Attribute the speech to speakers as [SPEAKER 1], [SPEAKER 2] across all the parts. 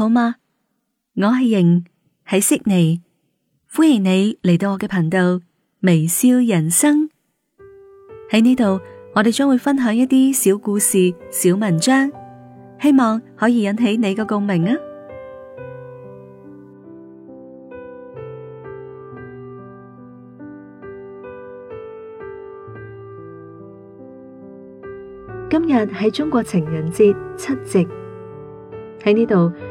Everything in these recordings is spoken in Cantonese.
[SPEAKER 1] 好嗎？我係瑩，喺悉尼，歡迎你嚟到我嘅頻道微笑人生。喺呢度，我哋將會分享一啲小故事、小文章，希望可以引起你嘅共鳴啊！今日係中國情人節七夕，喺呢度。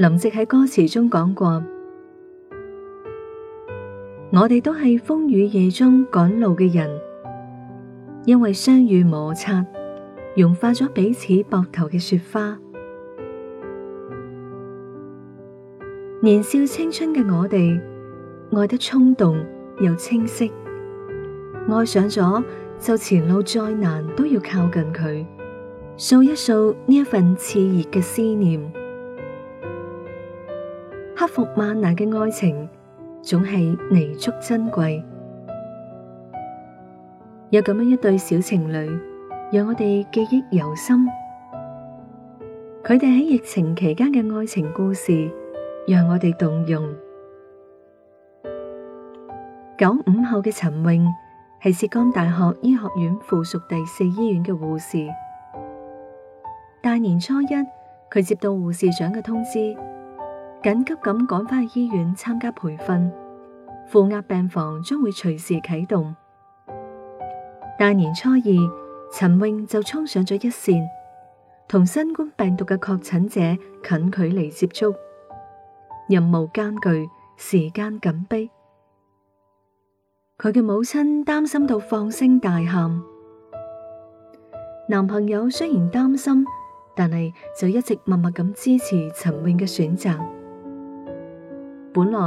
[SPEAKER 1] 林夕喺歌詞中講過：「我哋都係風雨夜中趕路嘅人，因為相遇摩擦，融化咗彼此膊頭嘅雪花。年少青春嘅我哋，愛得衝動又清晰，愛上咗就前路再難都要靠近佢，數一數呢一份熾熱嘅思念。福馬那嘅愛情總係彌足珍貴，有咁樣一對小情侶讓我哋記憶猶深。佢哋喺疫情期間嘅愛情故事讓我哋動容。九五後嘅陳穎係浙江大學醫學院附屬第四醫院嘅護士。大年初一，佢接到護士長嘅通知。緊急咁趕返去醫院參加培訓，負壓病房將會隨時啟動。大年初二，陳穎就衝上咗一線，同新冠病毒嘅確診者近距離接觸，任務艱巨，時間緊逼。佢嘅母親擔心到放聲大喊，男朋友雖然擔心，但係就一直默默咁支持陳穎嘅選擇。本來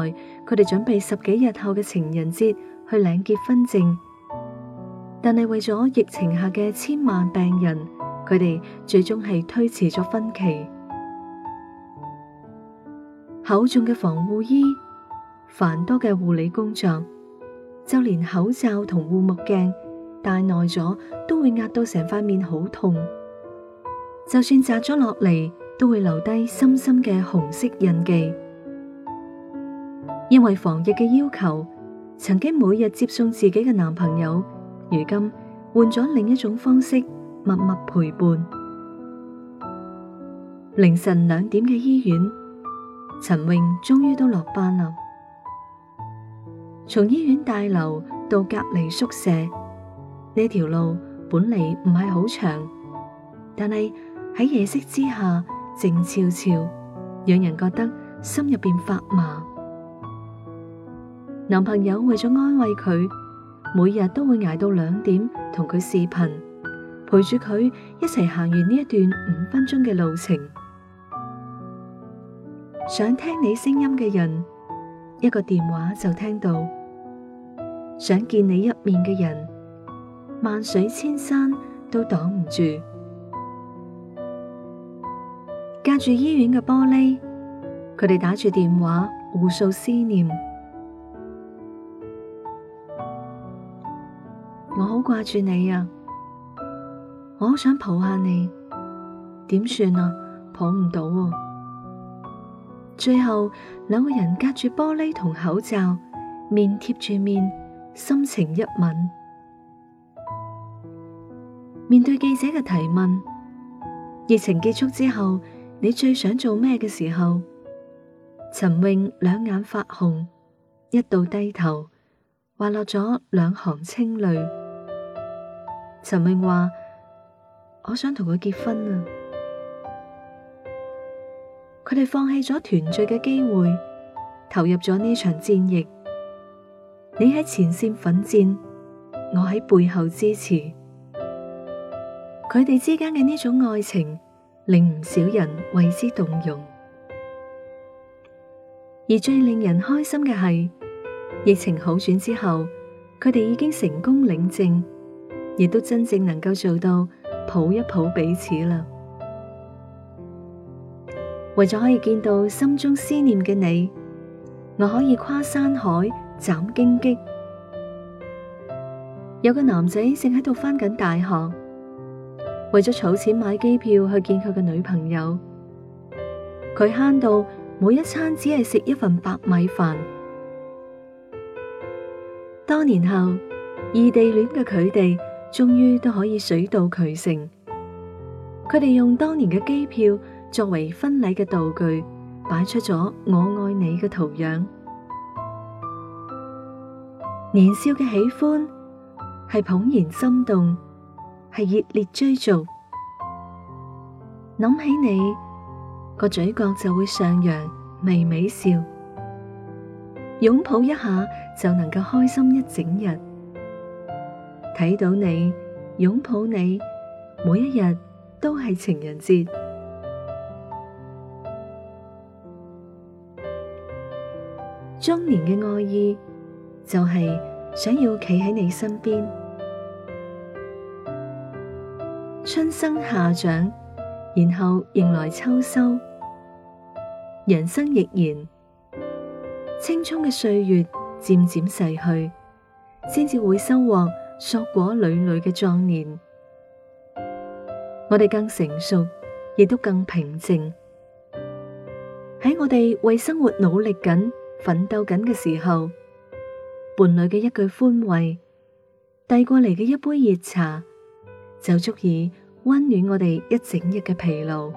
[SPEAKER 1] 佢哋準備十幾日後嘅情人節去領結婚證，但係為咗疫情下嘅千萬病人，佢哋最終係推遲咗婚期。厚重嘅防護衣、繁多嘅護理工作，就連口罩同護目鏡戴耐咗都會壓到成塊面好痛，就算摘咗落嚟，都會留低深深嘅紅色印記。因為防疫嘅要求，曾經每日接送自己嘅男朋友，如今換咗另一種方式，默默陪伴。凌晨兩點嘅醫院，陳穎終於都落班啦。從醫院大樓到隔離宿舍，呢條路本嚟唔係好長，但係喺夜色之下靜悄悄，讓人覺得心入邊發麻。男朋友為咗安慰佢，每日都會捱到兩點同佢視頻，陪住佢一齊行完呢一段五分鐘嘅路程。想聽你聲音嘅人，一個電話就聽到；想見你一面嘅人，萬水千山都擋唔住。隔住醫院嘅玻璃，佢哋打住電話互訴思念。我好掛住你啊！我好想抱下你，點算啊？抱唔到喎。最後兩個人隔住玻璃同口罩，面貼住面，深情一吻。面對記者嘅提問，疫情結束之後，你最想做咩嘅時候？陳穎兩眼發紅，一度低頭，滑落咗兩行清淚。陳穎話：我想同佢結婚啊！佢哋放棄咗團聚嘅機會，投入咗呢場戰役。你喺前線奮戰，我喺背後支持。佢哋之間嘅呢種愛情，令唔少人為之動容。而最令人開心嘅係，疫情好轉之後，佢哋已經成功領證。亦都真正能夠做到抱一抱彼此啦。為咗可以見到心中思念嘅你,我可以跨山海斬荊棘。有個男仔正喺度返緊大學，為咗儲錢買機票去見佢嘅女朋友，佢慳到每一餐只係食一份白米飯。多年後，異地戀嘅佢哋。終於都可以水到渠成，佢哋用當年嘅機票作為婚禮嘅道具，擺出咗我愛你嘅圖樣。年少嘅喜歡係怦然心動，係熱烈追逐。諗起你，個嘴角就會上揚，微微笑，擁抱一下就能夠開心一整日。睇到你，擁抱你，每一日都係情人節。中年嘅愛意就係想要企喺你身邊，春生夏長，然後迎來秋收。人生亦然，青蔥嘅歲月漸漸逝去，先至會收穫。碩果累累嘅壯年，我哋更成熟，亦都更平靜。喺我哋為生活努力緊、奮鬥緊嘅時候，伴侶嘅一句寬慰，遞過嚟嘅一杯熱茶，就足以溫暖我哋一整日嘅疲勞。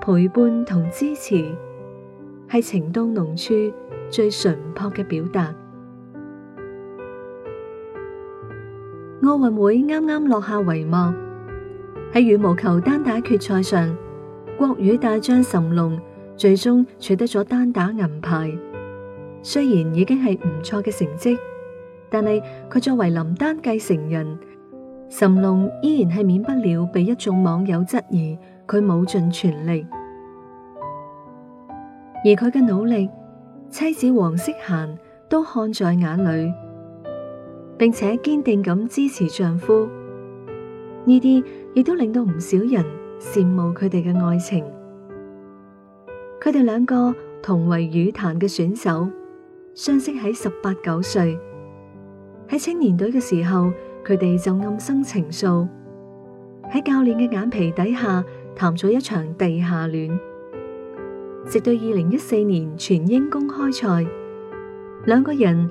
[SPEAKER 1] 陪伴同支持，係情到濃處最純樸嘅表達。奧運會啱啱落下帷幕，喺羽毛球單打決賽上，國羽大將諶龍最終取得咗單打銀牌。雖然已經係唔錯嘅成績，但係佢作為林丹繼承人，諶龍依然係免不了被一眾網友質疑佢冇盡全力。而佢嘅努力，妻子王適嫻都看在眼裏。並且堅定咁支持丈夫，呢啲亦都令到唔少人羨慕佢哋嘅愛情。佢哋兩個同為羽壇嘅選手，相識喺十八九歲，喺青年隊嘅時候，佢哋就暗生情愫，喺教練嘅眼皮底下談咗一場地下戀，直到二零一四年全英公開賽，兩個人。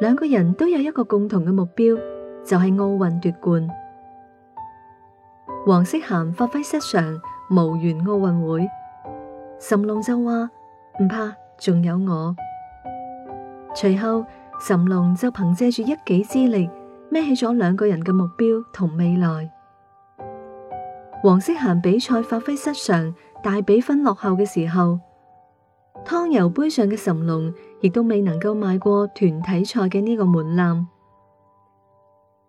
[SPEAKER 1] 兩個人都有一個共同嘅目標，就係、是、奧運奪冠。王適嫻發揮失常，無緣奧運會。諶龍就話唔怕，仲有我。隨後諶龍就憑借住一己之力，孭起咗兩個人嘅目標同未來。王適嫻比賽發揮失常，大比分落後嘅時候。湯油杯上嘅神龍亦都未能夠邁過團體賽嘅呢個門檻。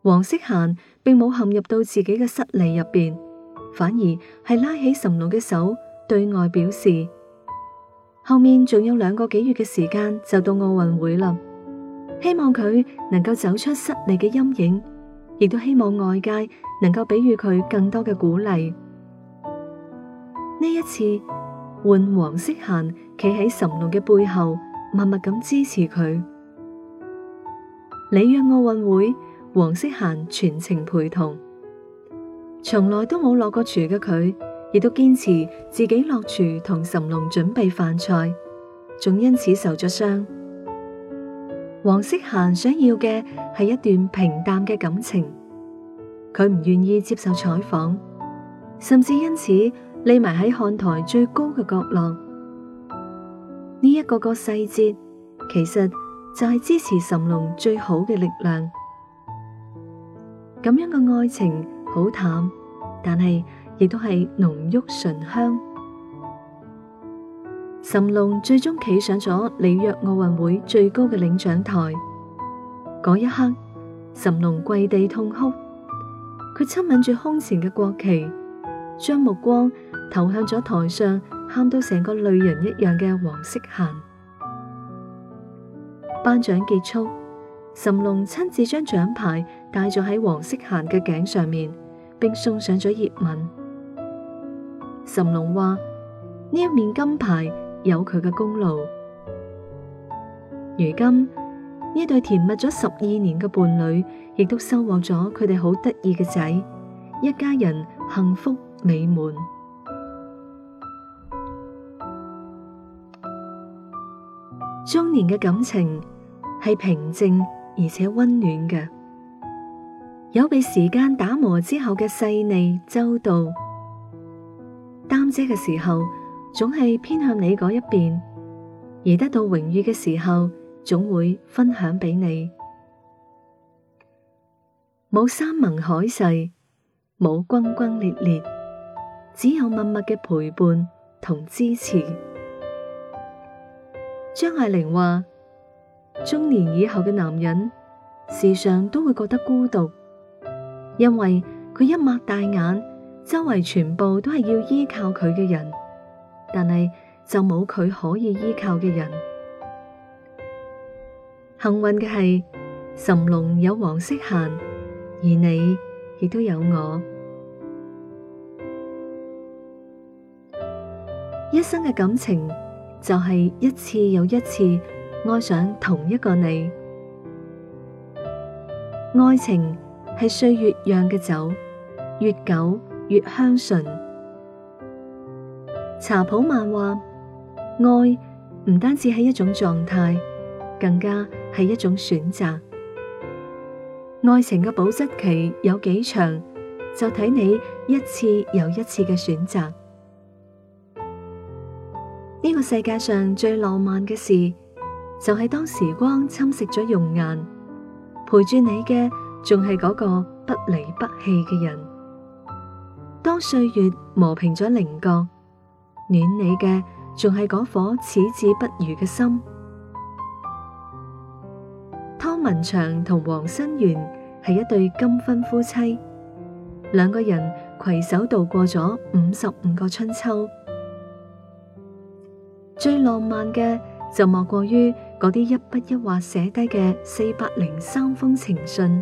[SPEAKER 1] 黃適嫻並冇陷入到自己嘅失利入邊，反而係拉起神龍嘅手，對外表示：後面仲有兩個幾月嘅時間就到奧運會啦，希望佢能夠走出失利嘅陰影，亦都希望外界能夠給予佢更多嘅鼓勵。呢一次。換王適嫻企喺諶龍嘅背後，默默咁支持佢。里約奧運會，王適嫻全程陪同，從來都冇落過廚嘅佢，亦都堅持自己落廚同諶龍準備飯菜，仲因此受咗傷。王適嫻想要嘅係一段平淡嘅感情，佢唔願意接受採訪，甚至因此。匿埋喺看台最高嘅角落，呢一個個細節其實就係支持諶龍最好嘅力量。咁樣嘅愛情好淡，但係亦都係濃郁醇香。諶龍最終企上咗里約奧運會最高嘅領獎台，嗰一刻，諶龍跪地痛哭，佢親吻住胸前嘅國旗，將目光。投向咗台上，喊到成個淚人一樣嘅黃色嫻。頒獎結束，岑龍親自將獎牌戴咗喺黃色嫻嘅頸上面，並送上咗熱吻。岑龍話：呢一面金牌有佢嘅功勞。如今呢對甜蜜咗十二年嘅伴侶，亦都收穫咗佢哋好得意嘅仔，一家人幸福美滿。中年嘅感情係平靜而且溫暖嘅，有被時間打磨之後嘅細膩周到。擔遮嘅時候，總係偏向你嗰一邊；而得到榮譽嘅時候，總會分享俾你。冇山盟海誓，冇轟轟烈烈，只有默默嘅陪伴同支持。張愛玲話：中年以後嘅男人，時常都會覺得孤獨，因為佢一擘大眼，周圍全部都係要依靠佢嘅人，但係就冇佢可以依靠嘅人。幸運嘅係，神龍有黃色限，而你亦都有我。一生嘅感情。就係一次又一次愛上同一個你，愛情係歲月釀嘅酒，越久越香醇。查普曼話：愛唔單止係一種狀態，更加係一種選擇。愛情嘅保質期有幾長，就睇你一次又一次嘅選擇。呢個世界上最浪漫嘅事，就係、是、當時光侵蝕咗容顏，陪住你嘅仲係嗰個不離不棄嘅人；當歲月磨平咗棱角，暖你嘅仲係嗰顆矢志不渝嘅心。湯文祥同黃新元係一對金婚夫妻，兩個人攜手度過咗五十五個春秋。最浪漫嘅就莫過於嗰啲一筆一畫寫低嘅四百零三封情信。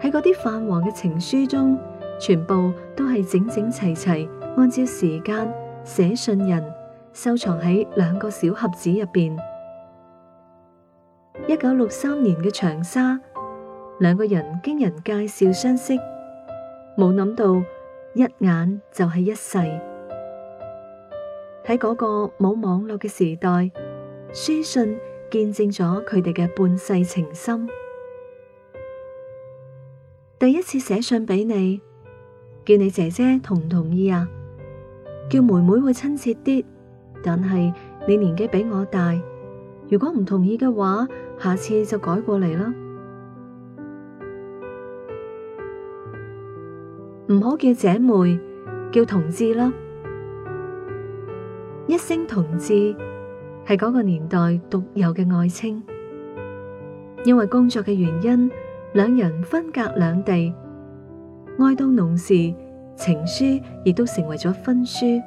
[SPEAKER 1] 喺嗰啲泛黃嘅情書中，全部都係整整齊齊，按照時間寫信人，收藏喺兩個小盒子入邊。一九六三年嘅長沙，兩個人經人介紹相識，冇諗到一眼就係一世。喺嗰個冇網絡嘅時代，書信見證咗佢哋嘅半世情深。第一次寫信俾你，叫你姐姐同唔同意啊？叫妹妹會親切啲，但係你年紀比我大，如果唔同意嘅話，下次就改過嚟啦。唔好叫姐妹，叫同志啦。一聲同志係嗰個年代獨有嘅愛稱，因為工作嘅原因，兩人分隔兩地，愛到濃時，情書亦都成為咗婚書。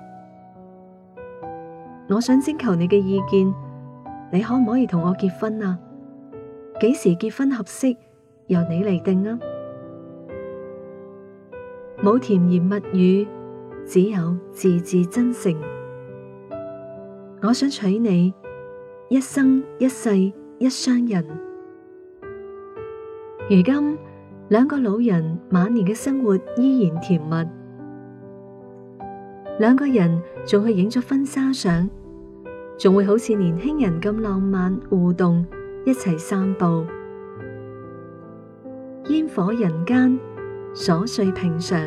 [SPEAKER 1] 我想徵求你嘅意見，你可唔可以同我結婚啊？幾時結婚合適，由你嚟定啊！冇甜言蜜語，只有字字真誠。我想娶你，一生一世一雙人。如今兩個老人晚年嘅生活依然甜蜜，兩個人仲去影咗婚紗相，仲會好似年輕人咁浪漫互動，一齊散步，煙火人間，瑣碎平常，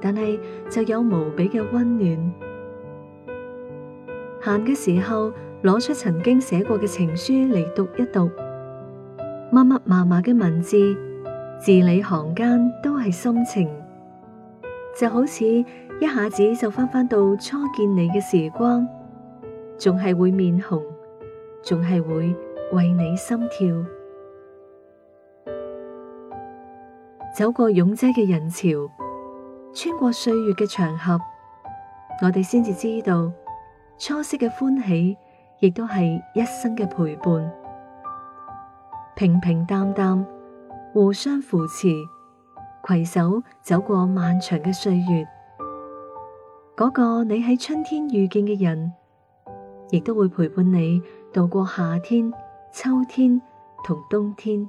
[SPEAKER 1] 但係就有無比嘅溫暖。閒嘅時候，攞出曾經寫過嘅情書嚟讀一讀，密密麻麻嘅文字，字裏行間都係心情，就好似一下子就翻返到初見你嘅時光，仲係會面紅，仲係會為你心跳。走過擁擠嘅人潮，穿過歲月嘅長河，我哋先至知道。初識嘅歡喜，亦都係一生嘅陪伴。平平淡淡，互相扶持，攜手走過漫長嘅歲月。嗰個你喺春天遇見嘅人，亦都會陪伴你度過夏天、秋天同冬天。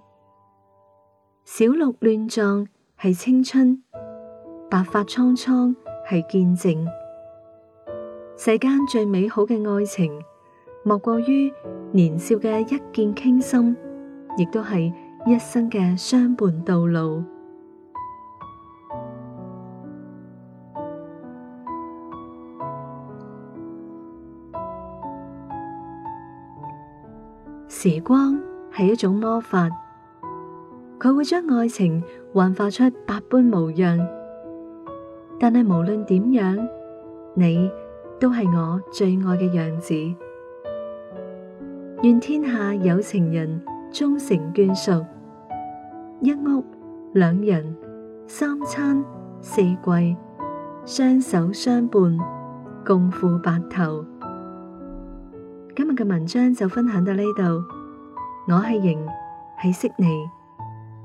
[SPEAKER 1] 小鹿亂撞係青春，白髮蒼蒼係見證。世間最美好嘅愛情，莫過於年少嘅一見傾心，亦都係一生嘅相伴到老。時光係一種魔法，佢會將愛情幻化出百般模樣，但係無論點樣，你。都係我最愛嘅樣子，願天下有情人終成眷屬。一屋兩人，三餐四季，雙手相伴，共赴白頭。今日嘅文章就分享到呢度，我係瑩，係悉尼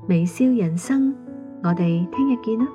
[SPEAKER 1] 微笑人生，我哋聽日見啦。